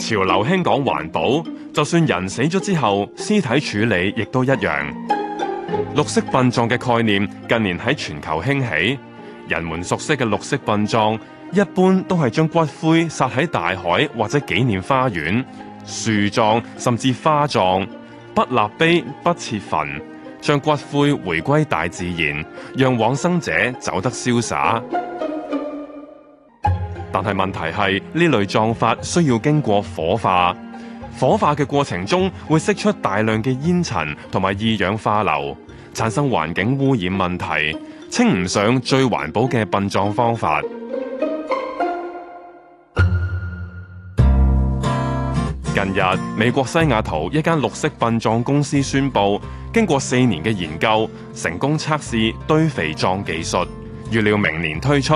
潮流興講環保，就算人死咗之後，屍體處理亦都一樣。綠色殯葬嘅概念近年喺全球興起，人們熟悉嘅綠色殯葬一般都係將骨灰撒喺大海或者紀念花園、樹葬甚至花葬，不立碑、不設墳，將骨灰回歸大自然，讓往生者走得瀟灑。但係問題係呢類葬法，需要經過火化，火化嘅過程中會釋出大量嘅煙塵同埋二氧化硫，產生環境污染問題，稱唔上最環保嘅殯葬方法。近日，美國西雅圖一間綠色殯葬公司宣布，經過四年嘅研究，成功測試堆肥葬技術，預料明年推出。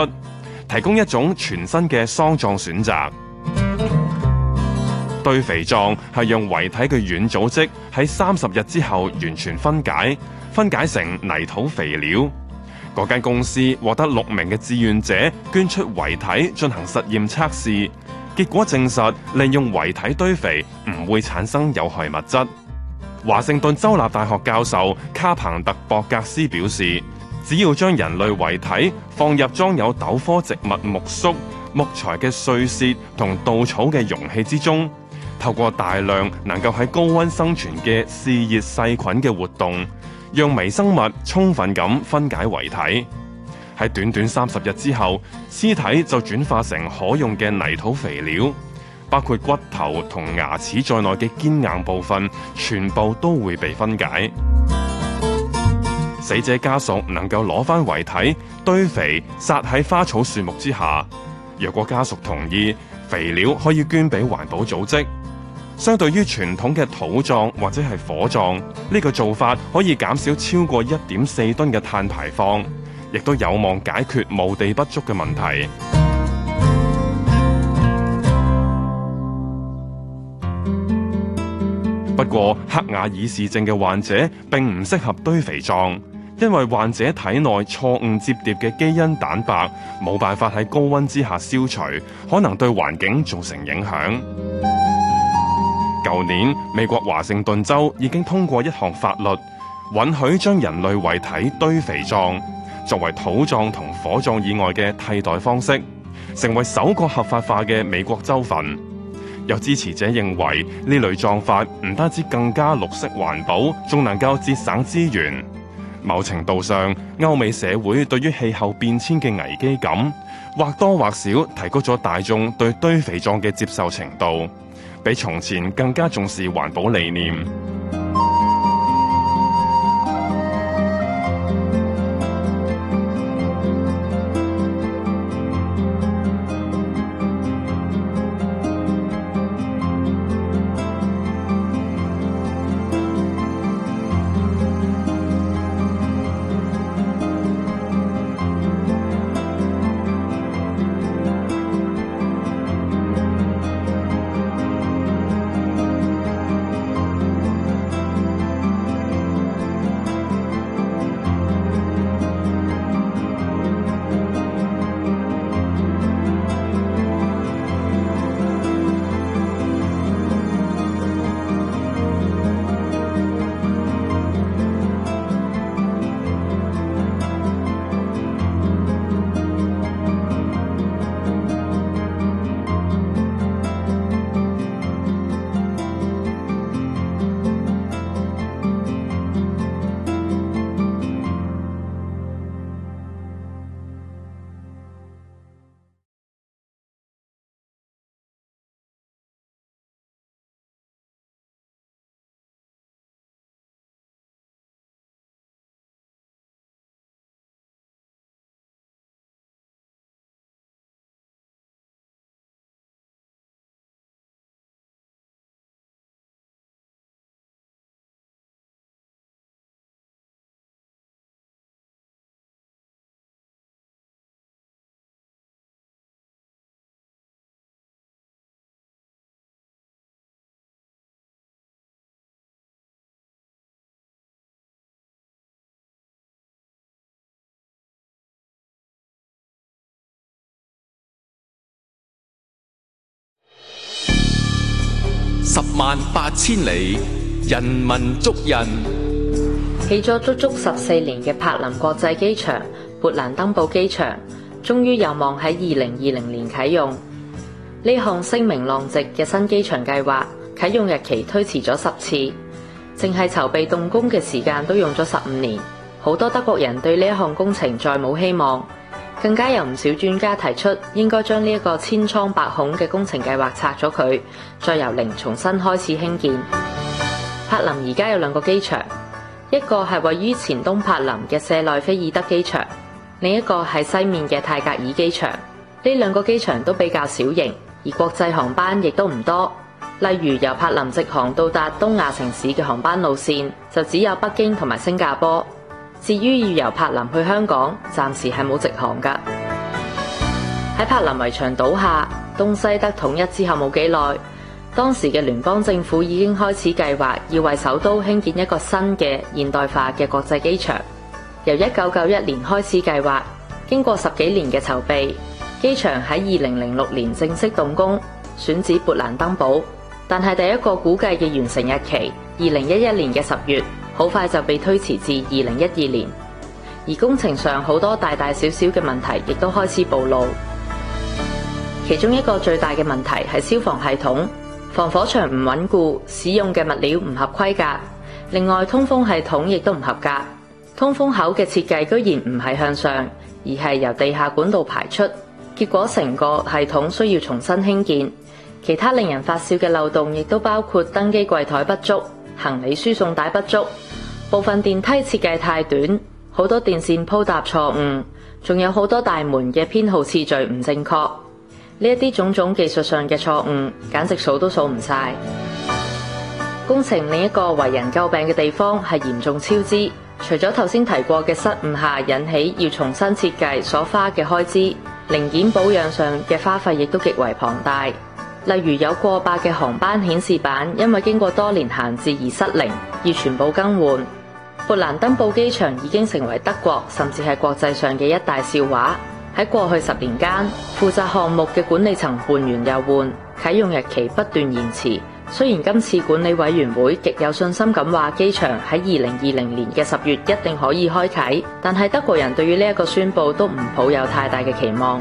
提供一種全新嘅喪葬選擇。堆肥葬係用遺體嘅軟組織喺三十日之後完全分解，分解成泥土肥料。嗰間公司獲得六名嘅志願者捐出遺體進行實驗測試，結果證實利用遺體堆肥唔會產生有害物質。華盛頓州立大學教授卡彭特博格斯表示。只要將人類遺體放入裝有豆科植物苜蓿、木材嘅碎屑同稻草嘅容器之中，透過大量能夠喺高温生存嘅嗜熱細菌嘅活動，讓微生物充分咁分解遺體。喺短短三十日之後，屍體就轉化成可用嘅泥土肥料，包括骨頭同牙齒在內嘅堅硬部分，全部都會被分解。死者家屬能夠攞翻遺體堆肥，撒喺花草樹木之下。若果家屬同意，肥料可以捐俾環保組織。相對於傳統嘅土葬或者係火葬，呢、這個做法可以減少超過一點四噸嘅碳排放，亦都有望解決墓地不足嘅問題。不過，黑瓦爾氏症嘅患者並唔適合堆肥葬。因為患者體內錯誤折疊嘅基因蛋白冇辦法喺高溫之下消除，可能對環境造成影響。舊年，美國華盛頓州已經通過一項法律，允許將人類遺體堆肥葬，作為土葬同火葬以外嘅替代方式，成為首個合法化嘅美國州份。有支持者認為呢類葬法唔單止更加綠色環保，仲能夠節省資源。某程度上，歐美社會對於氣候變遷嘅危機感，或多或少提高咗大眾對堆肥葬嘅接受程度，比從前更加重視環保理念。萬八千里，人民足印。起咗足足十四年嘅柏林國際機場勃蘭登堡機場，終於有望喺二零二零年啟用。呢項聲名狼藉嘅新機場計劃啟用日期推遲咗十次，淨係籌備動工嘅時間都用咗十五年。好多德國人對呢一項工程再冇希望。更加有唔少專家提出，應該將呢一個千瘡百孔嘅工程計劃拆咗佢，再由零重新開始興建。柏林而家有兩個機場，一個係位於前東柏林嘅舍內菲爾德機場，另一個係西面嘅泰格爾機場。呢兩個機場都比較小型，而國際航班亦都唔多。例如由柏林直航到達東亞城市嘅航班路線，就只有北京同埋新加坡。至於要由柏林去香港，暫時係冇直航㗎。喺柏林圍牆倒下、東西德統一之後冇幾耐，當時嘅聯邦政府已經開始計劃要為首都興建一個新嘅現代化嘅國際機場。由一九九一年開始計劃，經過十幾年嘅籌備，機場喺二零零六年正式動工，選址勃蘭登堡，但係第一個估計嘅完成日期二零一一年嘅十月。好快就被推遲至二零一二年，而工程上好多大大小小嘅問題，亦都開始暴露。其中一個最大嘅問題係消防系統，防火牆唔穩固，使用嘅物料唔合規格。另外，通風系統亦都唔合格，通風口嘅設計居然唔係向上，而係由地下管道排出，結果成個系統需要重新興建。其他令人發笑嘅漏洞，亦都包括登機櫃台不足。行李輸送帶不足，部分電梯設計太短，好多電線鋪搭錯誤，仲有好多大門嘅編號次序唔正確，呢一啲種種技術上嘅錯誤，簡直數都數唔晒。工程另一個為人詬病嘅地方係嚴重超支，除咗頭先提過嘅失誤下引起要重新設計所花嘅開支，零件保養上嘅花費亦都極為龐大。例如有過百嘅航班顯示板，因為經過多年閒置而失靈，而全部更換。勃蘭登堡機場已經成為德國甚至係國際上嘅一大笑話。喺過去十年間，負責項目嘅管理層換完又換，啟用日期不斷延遲。雖然今次管理委員會極有信心咁話，機場喺二零二零年嘅十月一定可以開啟，但係德國人對於呢一個宣佈都唔抱有太大嘅期望。